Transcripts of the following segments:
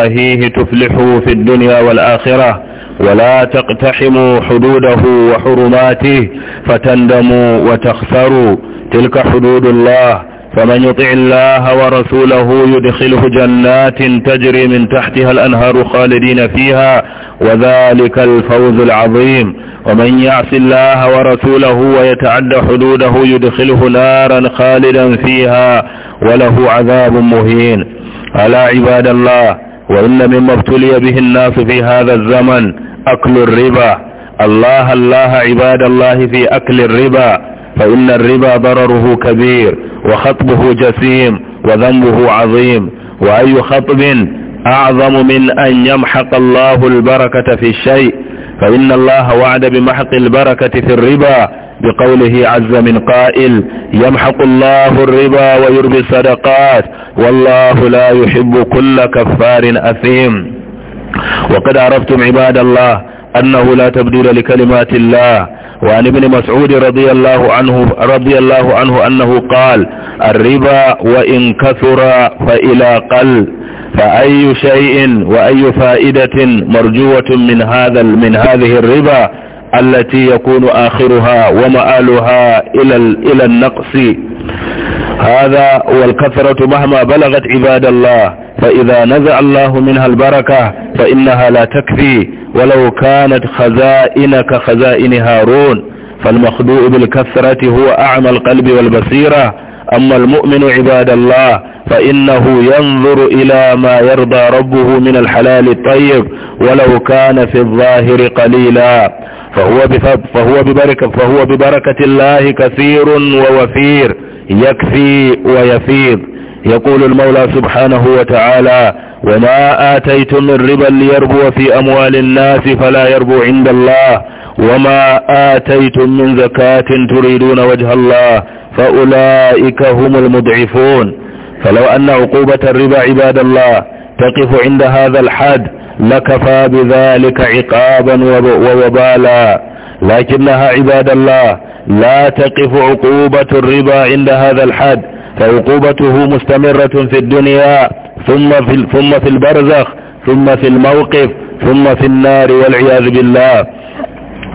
فيه تفلحوا في الدنيا والآخرة ولا تقتحموا حدوده وحرماته فتندموا وتخسروا تلك حدود الله فمن يطع الله ورسوله يدخله جنات تجري من تحتها الأنهار خالدين فيها وذلك الفوز العظيم ومن يعص الله ورسوله ويتعد حدوده يدخله نارا خالدا فيها وله عذاب مهين ألا عباد الله وإن مما ابتلي به الناس في هذا الزمن أكل الربا الله الله عباد الله في أكل الربا فإن الربا ضرره كبير وخطبه جسيم وذنبه عظيم وأي خطب أعظم من أن يمحق الله البركة في الشيء فإن الله وعد بمحق البركة في الربا بقوله عز من قائل يمحق الله الربا ويربي الصدقات والله لا يحب كل كفار أثيم وقد عرفتم عباد الله أنه لا تبديل لكلمات الله وعن ابن مسعود رضي الله عنه رضي الله عنه أنه قال الربا وإن كثر فإلى قل فأي شيء وأي فائدة مرجوة من هذا من هذه الربا التي يكون آخرها ومآلها إلى, إلى النقص هذا والكثرة مهما بلغت عباد الله فإذا نزع الله منها البركة فإنها لا تكفي ولو كانت خزائن كخزائن هارون فالمخدوع بالكثرة هو أعمى القلب والبصيرة أما المؤمن عباد الله فإنه ينظر إلى ما يرضى ربه من الحلال الطيب ولو كان في الظاهر قليلا فهو بفضل فهو ببركة فهو ببركة الله كثير ووفير يكفي ويفيض يقول المولى سبحانه وتعالى وما آتيتم من ربا ليربو في أموال الناس فلا يربو عند الله وما آتيتم من زكاة تريدون وجه الله فأولئك هم المضعفون فلو أن عقوبة الربا عباد الله تقف عند هذا الحد لكفى بذلك عقابا ووبالا لكنها عباد الله لا تقف عقوبة الربا عند هذا الحد فعقوبته مستمرة في الدنيا ثم في, ثم في البرزخ ثم في الموقف ثم في النار والعياذ بالله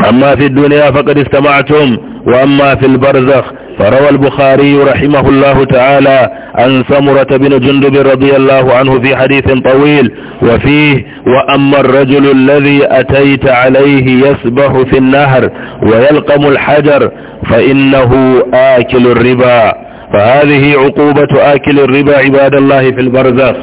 أما في الدنيا فقد استمعتم وأما في البرزخ فروى البخاري رحمه الله تعالى عن سمرة بن جندب رضي الله عنه في حديث طويل وفيه وأما الرجل الذي أتيت عليه يسبح في النهر ويلقم الحجر فإنه آكل الربا فهذه عقوبة آكل الربا عباد الله في البرزخ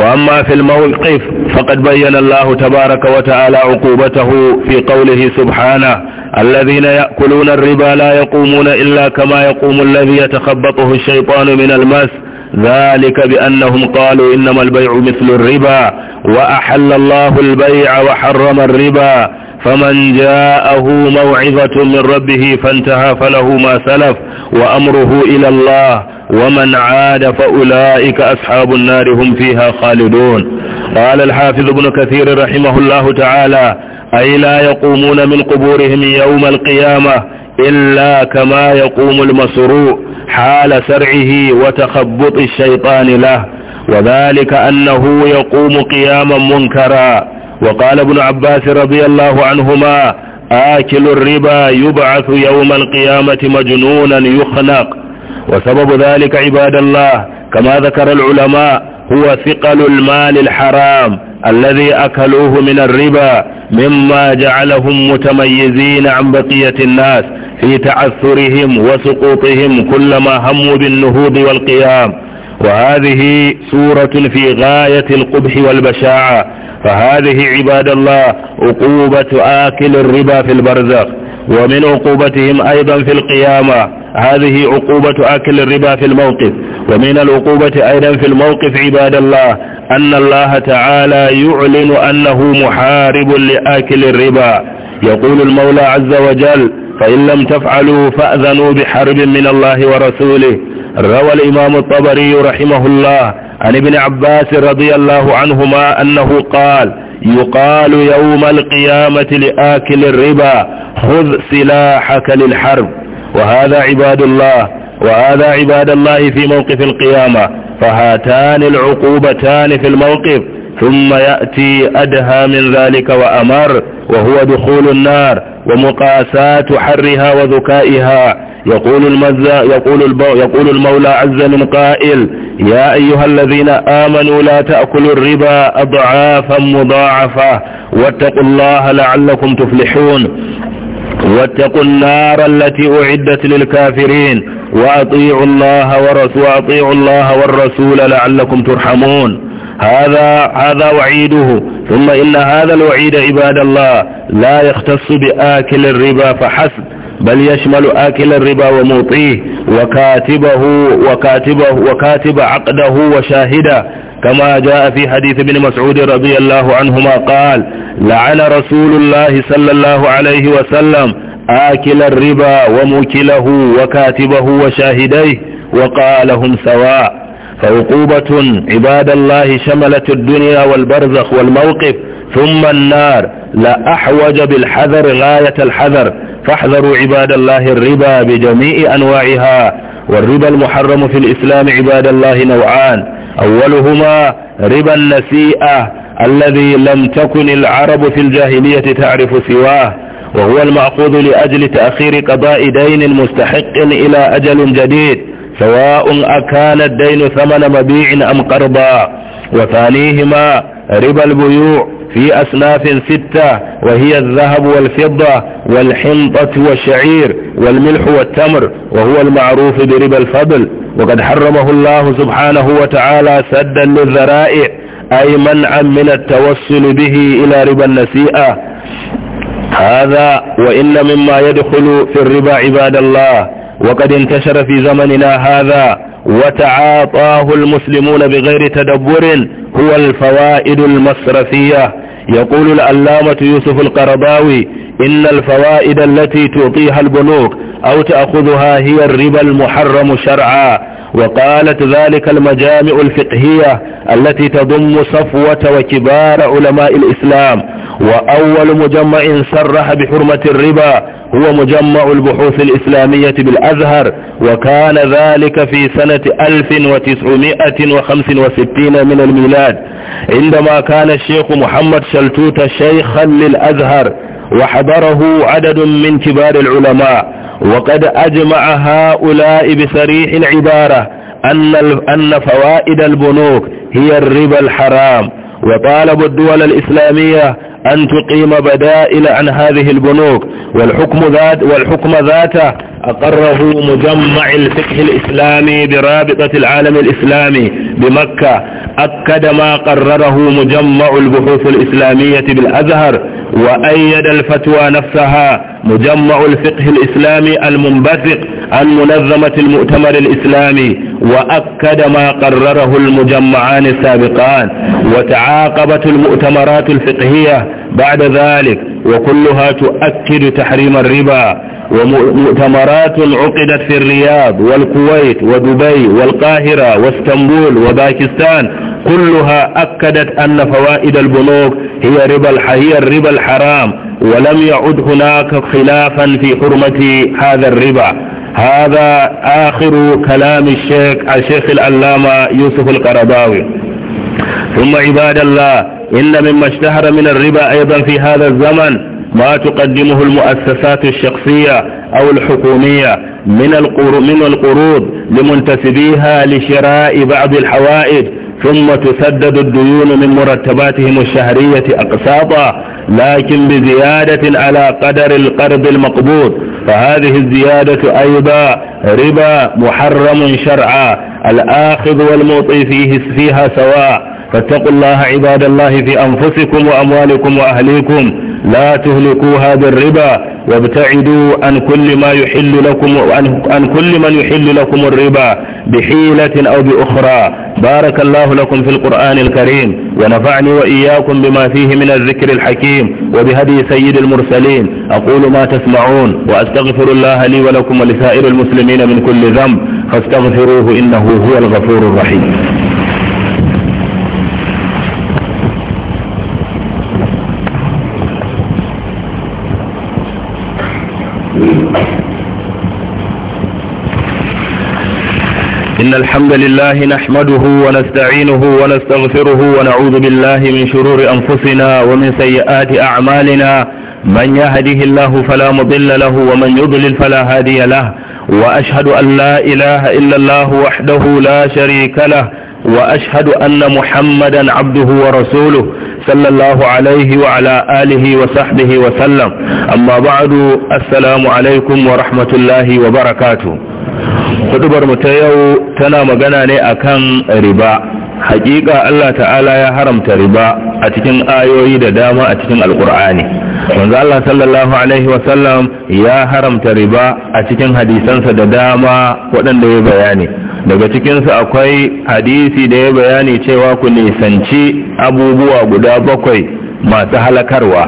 وأما في الموقف فقد بين الله تبارك وتعالى عقوبته في قوله سبحانه الذين يأكلون الربا لا يقومون إلا كما يقوم الذي يتخبطه الشيطان من المس ذلك بأنهم قالوا إنما البيع مثل الربا وأحل الله البيع وحرم الربا فمن جاءه موعظة من ربه فانتهى فله ما سلف وأمره إلى الله ومن عاد فأولئك أصحاب النار هم فيها خالدون قال الحافظ ابن كثير رحمه الله تعالى أي لا يقومون من قبورهم يوم القيامة إلا كما يقوم المسروء حال سرعه وتخبط الشيطان له وذلك أنه يقوم قياما منكرا وقال ابن عباس رضي الله عنهما آكل الربا يبعث يوم القيامة مجنونا يخنق وسبب ذلك عباد الله كما ذكر العلماء هو ثقل المال الحرام الذي أكلوه من الربا مما جعلهم متميزين عن بقية الناس في تعثرهم وسقوطهم كلما هموا بالنهوض والقيام وهذه سورة في غاية القبح والبشاعة فهذه عباد الله عقوبة آكل الربا في البرزخ ومن عقوبتهم أيضا في القيامة هذه عقوبة آكل الربا في الموقف ومن العقوبة أيضا في الموقف عباد الله أن الله تعالى يعلن أنه محارب لآكل الربا يقول المولى عز وجل فإن لم تفعلوا فأذنوا بحرب من الله ورسوله روى الإمام الطبري رحمه الله عن ابن عباس رضي الله عنهما أنه قال يقال يوم القيامة لآكل الربا خذ سلاحك للحرب وهذا عباد الله وهذا عباد الله في موقف القيامة فهاتان العقوبتان في الموقف ثم يأتي أدهى من ذلك وأمر وهو دخول النار ومقاساة حرها وذكائها يقول المزا يقول البو يقول المولى عز من قائل يا أيها الذين آمنوا لا تأكلوا الربا أضعافا مضاعفة واتقوا الله لعلكم تفلحون واتقوا النار التي أعدت للكافرين وأطيعوا الله ورسول وأطيعوا الله والرسول لعلكم ترحمون هذا هذا وعيده ثم إن هذا الوعيد عباد الله لا يختص بآكل الربا فحسب بل يشمل آكل الربا وموطيه وكاتبه وكاتبه وكاتب عقده وشاهده كما جاء في حديث ابن مسعود رضي الله عنهما قال لعن رسول الله صلى الله عليه وسلم آكل الربا وموكله وكاتبه وشاهديه وقالهم سواء فعقوبة عباد الله شملت الدنيا والبرزخ والموقف ثم النار لا أحوج بالحذر غاية الحذر فاحذروا عباد الله الربا بجميع أنواعها والربا المحرم في الإسلام عباد الله نوعان أولهما ربا النسيئة الذي لم تكن العرب في الجاهلية تعرف سواه وهو المعقود لأجل تأخير قضاء دين مستحق إلى أجل جديد سواء أكان الدين ثمن مبيع أم قرضا وثانيهما ربا البيوع في أصناف ستة وهي الذهب والفضة والحنطة والشعير والملح والتمر وهو المعروف بربا الفضل وقد حرمه الله سبحانه وتعالى سدا للذرائع أي منعا من التوصل به إلى ربا النسيئة هذا وإن مما يدخل في الربا عباد الله وقد انتشر في زمننا هذا وتعاطاه المسلمون بغير تدبر هو الفوائد المصرفية يقول الألامة يوسف القرضاوي إن الفوائد التي تعطيها البنوك أو تأخذها هي الربا المحرم شرعا وقالت ذلك المجامع الفقهية التي تضم صفوة وكبار علماء الإسلام وأول مجمع صرح بحرمة الربا هو مجمع البحوث الإسلامية بالأزهر وكان ذلك في سنة 1965 من الميلاد عندما كان الشيخ محمد شلتوت شيخا للأزهر وحضره عدد من كبار العلماء وقد أجمع هؤلاء بصريح العبارة أن, أن فوائد البنوك هي الربا الحرام وطالبوا الدول الإسلامية أن تقيم بدائل عن هذه البنوك والحكم, ذات والحكم ذاته أقره مجمع الفقه الإسلامي برابطة العالم الإسلامي بمكة أكد ما قرره مجمع البحوث الإسلامية بالأزهر وأيد الفتوى نفسها مجمع الفقه الإسلامي المنبثق عن منظمة المؤتمر الإسلامي وأكد ما قرره المجمعان السابقان وتعاقبت المؤتمرات الفقهية بعد ذلك وكلها تؤكد تحريم الربا ومؤتمرات عقدت في الرياض والكويت ودبي والقاهرة واسطنبول وباكستان كلها أكدت أن فوائد البنوك هي ربا هي الربا الحرام ولم يعد هناك خلافا في حرمة هذا الربا هذا آخر كلام الشيخ الشيخ العلامة يوسف القرضاوي ثم عباد الله إن مما اشتهر من الربا أيضا في هذا الزمن ما تقدمه المؤسسات الشخصية أو الحكومية من القروض لمنتسبيها لشراء بعض الحوائج ثم تسدد الديون من مرتباتهم الشهرية أقساطا لكن بزيادة على قدر القرض المقبوض فهذه الزيادة أيضا ربا محرم شرعا الآخذ والموطي فيه فيها سواء فاتقوا الله عباد الله في أنفسكم وأموالكم وأهليكم لا تهلكوا هذا الربا وابتعدوا عن كل ما يحل لكم عن كل من يحل لكم الربا بحيلة أو بأخرى بارك الله لكم في القرآن الكريم ونفعني وإياكم بما فيه من الذكر الحكيم وبهدي سيد المرسلين أقول ما تسمعون وأستغفر الله لي ولكم ولسائر المسلمين من كل ذنب فاستغفروه إنه هو الغفور الرحيم إن الحمد لله نحمده ونستعينه ونستغفره ونعوذ بالله من شرور أنفسنا ومن سيئات أعمالنا من يهده الله فلا مضل له ومن يضلل فلا هادي له وأشهد أن لا إله إلا الله وحده لا شريك له وأشهد أن محمدا عبده ورسوله صلى الله عليه وعلى آله وصحبه وسلم أما بعد السلام عليكم ورحمة الله وبركاته hudubar mu ta yau tana magana ne akan riba hakika Allah ta'ala ya haramta riba a cikin ayoyi da dama a cikin alkur'ani manzo Allah sallallahu alaihi wasallam ya haramta riba a cikin hadisansa da dama waɗanda ya bayani daga cikinsu akwai hadisi da ya bayani cewa ku nisanci abubuwa guda bakwai masu halakarwa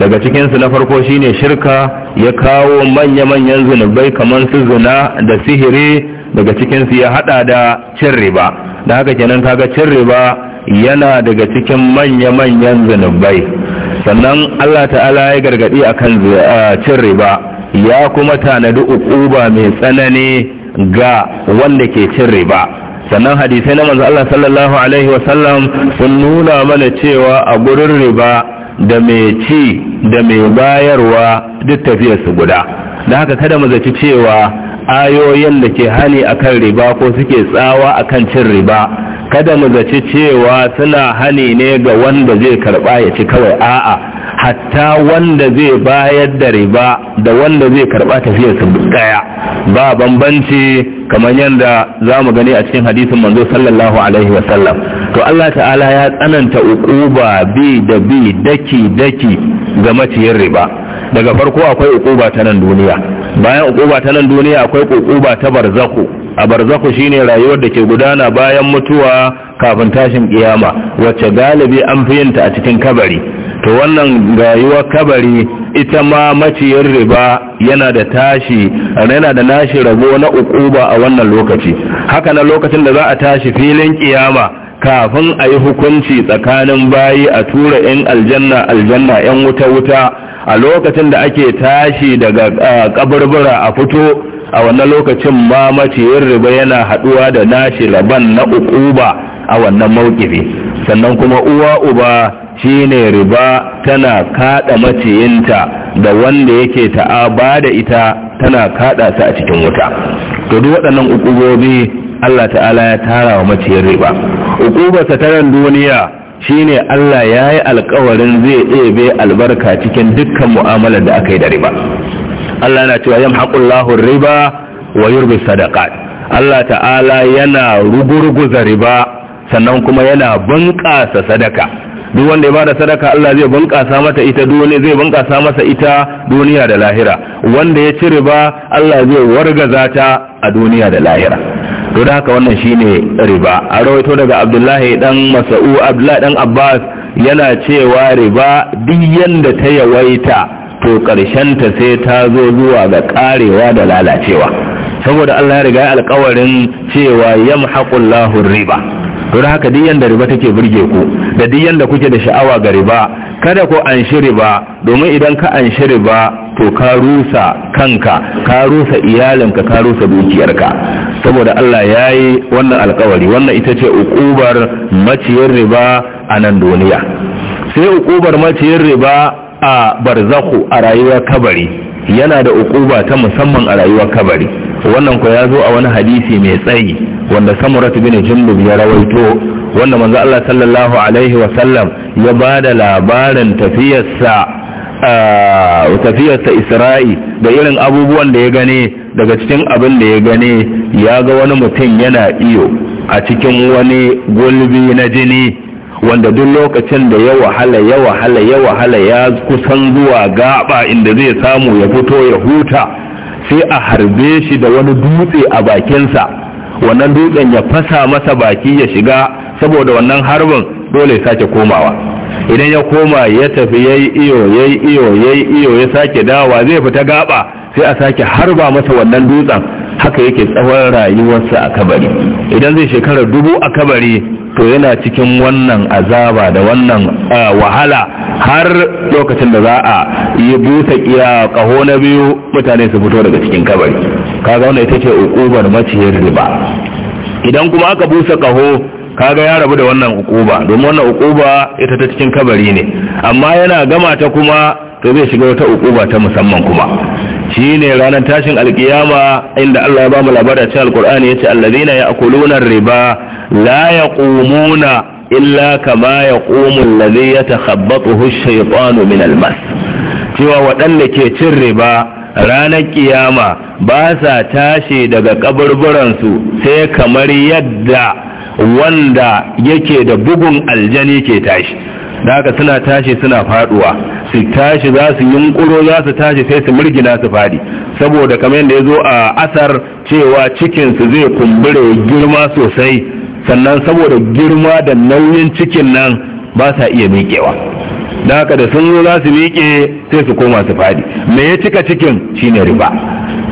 daga cikinsu na farko shine shirka ya kawo manya-manyan zunubai kamar su zina da sihiri daga cikinsu ya hada da cin riba da haka kenan kaga cin riba yana daga cikin manya-manyan zunubai sannan allah ta'ala ya gargadi akan cin riba ya kuma tanadi ukuba mai tsanani ga wanda ke cin riba sannan hadisai na manzo allah sallallahu alaihi wasallam sun nuna mana cewa a gurin riba da mai ci da mai bayarwa duk tafiyarsu guda da haka kada mu zaci cewa ayoyin da ke hani akan riba ko suke tsawa akan cin riba kada mu zaci cewa suna hani ne ga wanda zai karba ya ci kawai a'a hatta wanda zai bayar da riba da wanda zai karba tafiyarsu daya ba bambanci kamar yadda za mu gani a cikin hadisin manzo sallallahu alaihi wasallam To Allah ta'ala ya tsananta uquba bi da bi daki daki ga maciyin riba daga farko akwai uquba ta nan duniya bayan uquba ta nan duniya akwai uquba ta barzaku a barzaku shine rayuwar da ke gudana bayan mutuwa kafin tashin kiyama wacce galibi an fi yinta a cikin kabari to wannan rayuwar kabari ita ma maciyar riba yana da tashi yana da nashi rabo na uquba a wannan lokaci haka na lokacin da za a tashi filin kiyama kafin a yi hukunci tsakanin bayi a tura 'yan aljanna aljanna 'yan wuta-wuta a lokacin da ake tashi daga kaburbura a fito a wannan lokacin ma maciyin riba yana haɗuwa da nashi laban na uku ba a wannan maukifi sannan kuma uwa uba shine riba tana kada maciyinta da wanda yake ba da ita tana kada ta a cikin wuta to duk waɗannan ukubobi Allah ta'ala ya tara wa maciyar riba ukubarsa ta duniya shine Allah ya yi alkawarin zai ɗebe albarka cikin dukkan mu'amalar da aka yi da riba Allah na cewa yam haƙullahu riba wa yurbi sadaqat Allah ta'ala yana rugurguza riba sannan kuma yana bunƙasa sadaka duk wanda ya bada sadaka Allah zai bunƙasa mata ita duniya zai bunƙasa masa ita duniya da lahira wanda ya ci riba Allah zai wargaza ta a duniya da lahira to da haka wannan shine riba a rawaito daga Abdullahi dan Mas'u Abdullahi dan Abbas yana cewa riba duk yanda ta yawaita to karshen ta sai ta zo zuwa ga karewa da lalacewa saboda Allah ya riga alƙawarin cewa yamhaqullahu riba to haka diyan yanda riba take burge ku da diyanda da kuke da sha'awa ga riba kada ku an shi riba domin idan ka an shi riba to ka rusa kanka ka rusa iyalinka ka rusa dukiyarka saboda Allah ya yi wannan alkawari wannan ita ce ukubar maciyar riba a nan duniya sai ukubar maciyar riba a barzaku a rayuwar kabari yana da ukuba ta musamman a rayuwar kabari wannan ko ya zo a wani hadisi mai tsayi wanda samurat bin jundub ya rawaito wanda manzo Allah sallallahu alaihi wa sallam ya bada labarin tafiyarsa tafiyarsa Isra'i da irin abubuwan da ya gane daga cikin abin da ya gane ya ga wani mutum yana iyo a cikin wani gulbi na jini wanda duk lokacin da ya wahala ya wahala ya wahala ya kusan zuwa gaba inda zai samu ya fito ya huta sai a harbe shi da wani dutse a bakinsa wannan dutsen ya fasa masa baki ya shiga saboda wannan harbin dole ya sake komawa idan ya koma ya tafi yayi iyo yayi iyo yayi iyo ya sake dawa zai fita gaba sai a sake harba masa wannan dutsen haka yake tsawon rayuwarsa a kabari idan zai shekara dubu a kabari to yana cikin wannan azaba da wannan wahala har lokacin da za a yi busa iya kaho na biyu mutane su fito daga cikin kabari kaga wannan ita ce ukubar maciyar riba idan kuma aka busa kaho kaga ya rabu da wannan ukuba domin wannan ukuba ita ta cikin kabari ne amma yana gama ta kuma to zai shiga wata ukuba ta musamman kuma shine ranar tashin alkiyama inda Allah ya ba mu a cikin alkur'ani yace allazina ya'kuluna riba la yaqumuna illa kama yaqumu allazi yatakhabbathu ash-shaytanu min almas. cewa waɗanda ke cin riba ranar kiyama ba sa tashi daga kaburburansu sai kamar yadda wanda yake da bugun aljani ke tashi da haka suna tashi suna faduwa su tashi za su yunkuro za su tashi sai su murgina su fadi saboda kamar yadda ya zo a asar cewa cikinsu zai kumbure girma sosai sannan saboda girma da nauyin cikin nan ba sa iya miƙewa da haka da sun zo za su miƙe sai su koma su fadi me ya cika cikin shine riba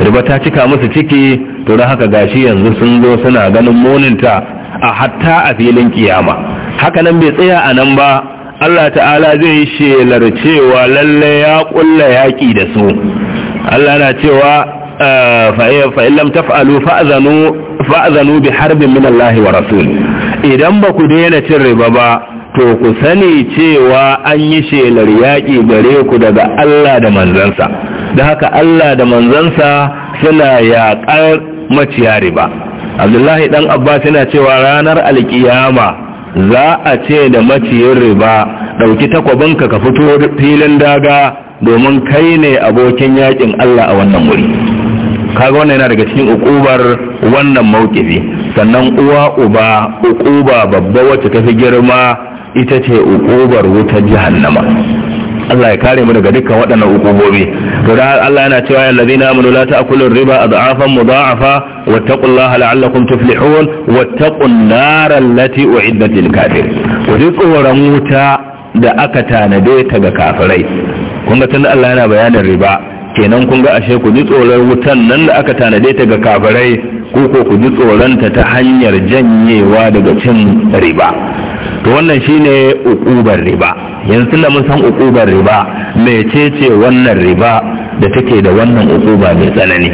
riba ta cika musu ciki to da haka gashi yanzu sun zo suna ganin muninta a hatta a filin kiyama haka nan bai tsaya a nan ba Allah ta'ala zai shelar cewa lalle ya kulla yaki da su Allah na cewa ah, fa in lam taf'alu fa'zanu fa'zanu bi harbin min Allah wa rasul idan ba ku daina cin riba ba to ku sani cewa an yi shelar yaƙi gare ku daga Allah da manzansa da haka Allah da manzansa suna yaƙar maciya riba abdullahi dan abbas yana cewa ranar alkiyama za a ce da maciyin riba ɗauki takwabinka ka fito filin daga domin kai ne abokin yakin Allah a wannan wuri kaga wannan yana daga cikin ukubar wannan mawkifi sannan uwa uba ukuba babba wacce ta fi girma ita ce ukubar wutar jihannama. Allah ya kare mu daga dukkan waɗannan hukumomi to da Allah yana cewa ya ladina amanu la ta'kulu riba ad'afan mudha'afa wattaqullaha la'allakum tuflihun wattaqun nar allati u'iddat lil kafir ku ji tsoron wuta da aka tanade ta ga kafirai kun ga tunda Allah yana bayanin riba kenan kun ga ashe ku ji tsoron wutan nan da aka tanade ta ga kafirai ko ko ku ji tsoronta ta hanyar janyewa daga cin riba to wannan shine ukubar riba yanzu da mun san ukubar riba ce wannan riba da take da wannan ukuba mai tsanani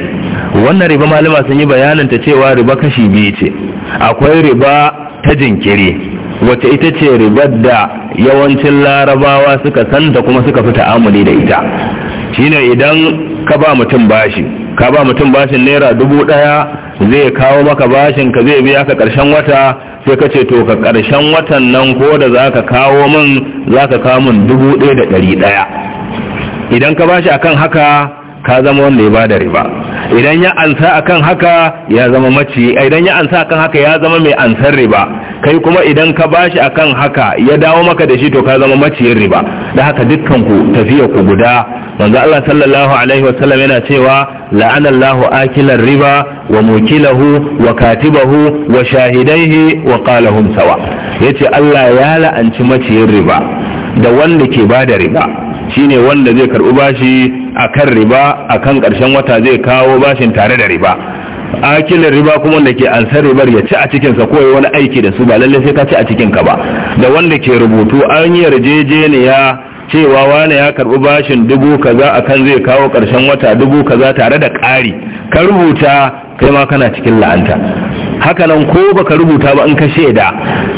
wannan riba malama sun yi bayanin ta cewa riba kashi biyu ce akwai riba ta jinkiri wacce ita ce ribar da yawancin larabawa suka san da kuma suka fi ta'amuli da ita shine idan ka ba mutum bashi ka ba mutum bashin naira dubu daya zai kawo maka bashin ka zai biya ka karshen wata sai ka ce to ka karshen watan nan ko da za ka kawo min za ka kawo min dubu ɗaya da ɗari ɗaya idan ka ba bashi akan haka ka zama wanda ya ba da riba idan ya ansa akan haka ya zama maci idan ya ansa akan haka ya zama mai ansar riba kai kuma idan ka bashi akan haka ya dawo maka da shi to ka zama maciyin riba da haka dukkan ku tafiya ku guda manzo Allah sallallahu alaihi wasallam yana cewa la'ana Allahu akilar riba wa mukilahu wa katibahu wa shahidaihi wa qalahum sawa yace Allah ya la'anci maciyin riba da wanda ke bada riba shine wanda zai karbi bashi akan riba akan karshen wata zai kawo bashin tare da riba akilin riba kuma wanda ke ansar ribar ya ci a cikinsa ko wani aiki da su ba lalle sai ka ci a cikinka ba da wanda ke rubutu an yarjejeniya cewa wani ya karbi bashin dubu kaza akan zai kawo karshen wata dubu kaza tare da ƙari ka rubuta kai ma kana cikin la'anta hakanan nan ko baka rubuta ba in ka shaida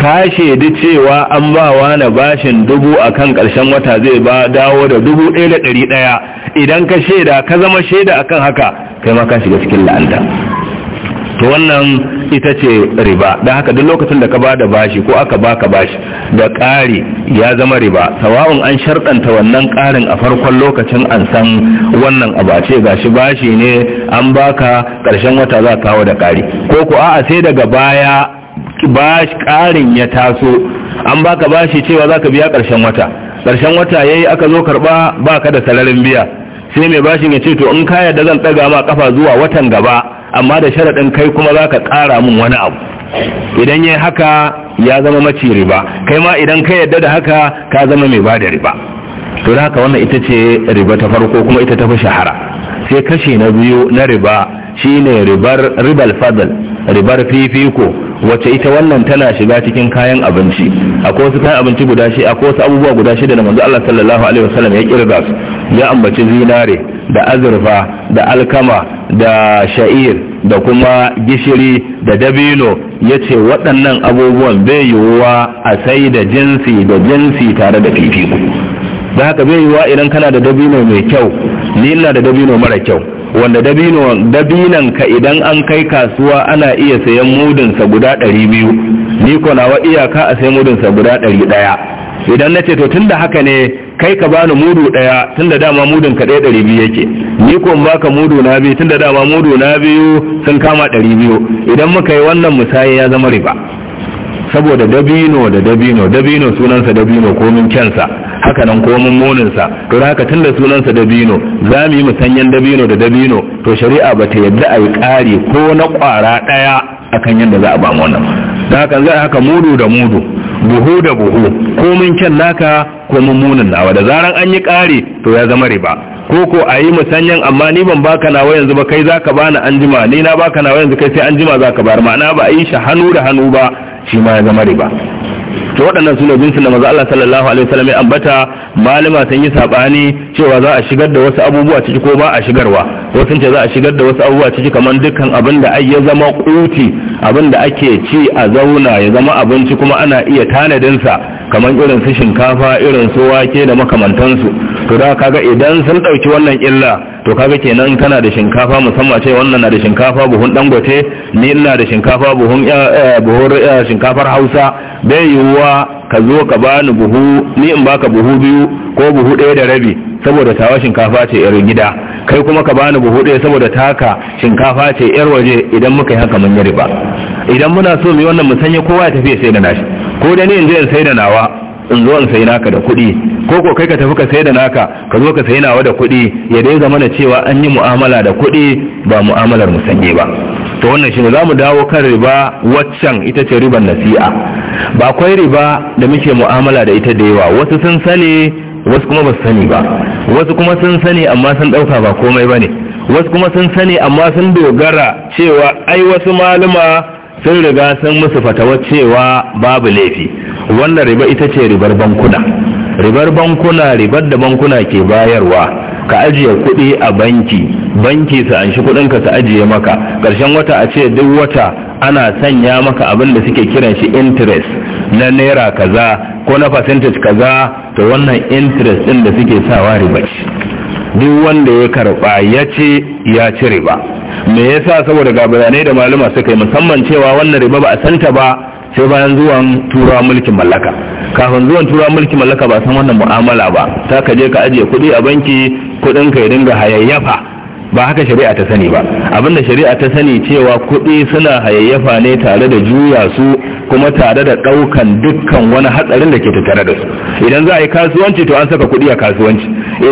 ka shaidi cewa an ba wani bashin dubu akan karshen wata zai ba dawo da dubu ɗaya da ɗari ɗaya idan ka shaida ka zama shaida akan haka kai ma ka shiga cikin la'anta to wannan ita ce riba don haka duk lokacin da ka ba da bashi ko aka ba ka bashi da ƙari ya zama riba sawa'un an sharɗanta wannan ƙarin a farkon lokacin an san wannan abace a gashi bashi ne an baka ƙarshen wata za kawo da ƙari ko ko a'a sai daga baya bashi ƙarin ya taso an baka bashi cewa za ka biya ƙarshen wata ƙarshen wata ya yi aka zo karɓa ka da sararin biya sai mai bashin ya ce to in ka yarda zan ɗaga ma kafa zuwa watan gaba amma da sharaɗin kai kuma za ka ƙara mun wani abu idan yi haka ya zama maci riba kai ma idan ka yadda da haka ka zama mai bada riba to da haka wannan ita ce riba ta farko kuma ita ta fi shahara sai kashe na biyu na riba shine ribar ribal fadl ribar fifiko wacce ita wannan tana shiga cikin kayan abinci akwai wasu kayan abinci guda shi akwai wasu abubuwa guda shida da manzo Allah sallallahu alaihi wasallam ya kirga su ya ambaci zinare da azurfa da alkama da sha'ir da kuma gishiri da dabino ya ce waɗannan abubuwan bai yiwuwa a sai da jinsi da jinsi tare da fifiko da haka bai yiwuwa idan kana da dabino mai kyau ni ina da dabino mara kyau wanda dabinon ka idan an kai kasuwa ana iya sayan mudinsa guda ɗari biyu ni ko nawa iyaka a sayan mudinsa guda ɗari ɗaya. idan na ce to tun da haka ne kai ka bani mudu daya tunda dama mudun ka daya dari biyu yake ni ko baka mudu na biyu tunda dama mudu na biyu sun kama dari biyu idan muka yi wannan musayi ya zama riba saboda dabino da dabino dabino sunansa dabino komin kyansa haka nan komin muninsa to haka tunda sunansa dabino za mu yi musanyen dabino da dabino to shari'a ba ta yadda a yi ƙari ko na ƙwara ɗaya akan yadda za a ba wannan haka za haka mudu da mudu buhu da buhu komin kyan naka ko mummunan nawa da zaran an yi ƙari to ya zama riba ko ko a yi musanyan amma ni ban baka nawa yanzu ba kai za ka bani an jima ni na baka nawa yanzu kai sai anjima jima ka bayar ma'ana ba a yi shi hannu da hannu ba shi ma ya zama riba to waɗannan ne jinsin da maza Allah sallallahu alaihi wasallam ya ambata malama sun yi sabani cewa za a shigar da wasu abubuwa ciki ko ba a shigarwa wasu ce za a shigar da wasu abubuwa ciki kamar dukkan abin da ai ya zama kuti abin da ake ci a zauna ya zama abinci kuma ana iya tanadin sa kamar irin su shinkafa irin su wake da makamantansu to da kaga idan sun ɗauki wannan illa to kaga kenan kana da shinkafa musamman ce wannan na da shinkafa buhun dangote ni ina da shinkafa buhun eh, eh, buhun eh, shinkafar Hausa bai yiwuwa ka zo ka bani buhu ni in baka buhu biyu ko buhu ɗaya da rabi saboda tawa shinkafa ce yar gida kai kuma ka bani buhu ɗaya saboda taka shinkafa ce yar waje idan muka yi haka mun yi riba idan muna so mu yi wannan mu sanya kowa ya tafi sai da nashi ko da ni in je in sai da nawa in zo in sayi naka da kuɗi ko ko kai ka tafi ka sai da naka ka zo ka sayi nawa da kuɗi ya dai zama na cewa an yi mu'amala da kuɗi ba mu'amalar musanye ba to wannan shi za mu dawo kan riba waccan ita ce riban nasi'a ba kwai riba da muke mu'amala da ita da yawa wasu sun sani wasu kuma ba su sani ba wasu kuma sun sani amma sun ɗauka ba komai ba ne wasu kuma sun sani amma sun dogara cewa ai wasu maluma. sun riga sun musu fatawa cewa babu laifi wannan riba ita ce ribar bankuna ribar bankuna ribar da bankuna ke bayarwa ka ajiye kuɗi a banki banki su anshi kuɗinka su ajiye maka ƙarshen wata a ce duk wata ana sanya maka abin da suke kiran shi interest na naira kaza ko na percentage kaza to wannan interest ɗin da suke sawa riba ce duk wanda ya karba ya ce ya ci riba me yasa saboda ga bayanai da malama suka yi musamman cewa wannan riba ba a santa ba sai bayan zuwan turawa mulkin mallaka kafin zuwan turawa mulkin mallaka ba san wannan mu'amala ba ta ka je ka ajiye kuɗi a banki kuɗin ka ya dinga hayayyafa ba haka shari'a ta sani ba abinda shari'a ta sani cewa kuɗi suna hayayyafa ne tare da juya su kuma tare da ɗaukan dukkan wani hatsarin da ke tattare da su idan za a yi kasuwanci to an saka kuɗi a kasuwanci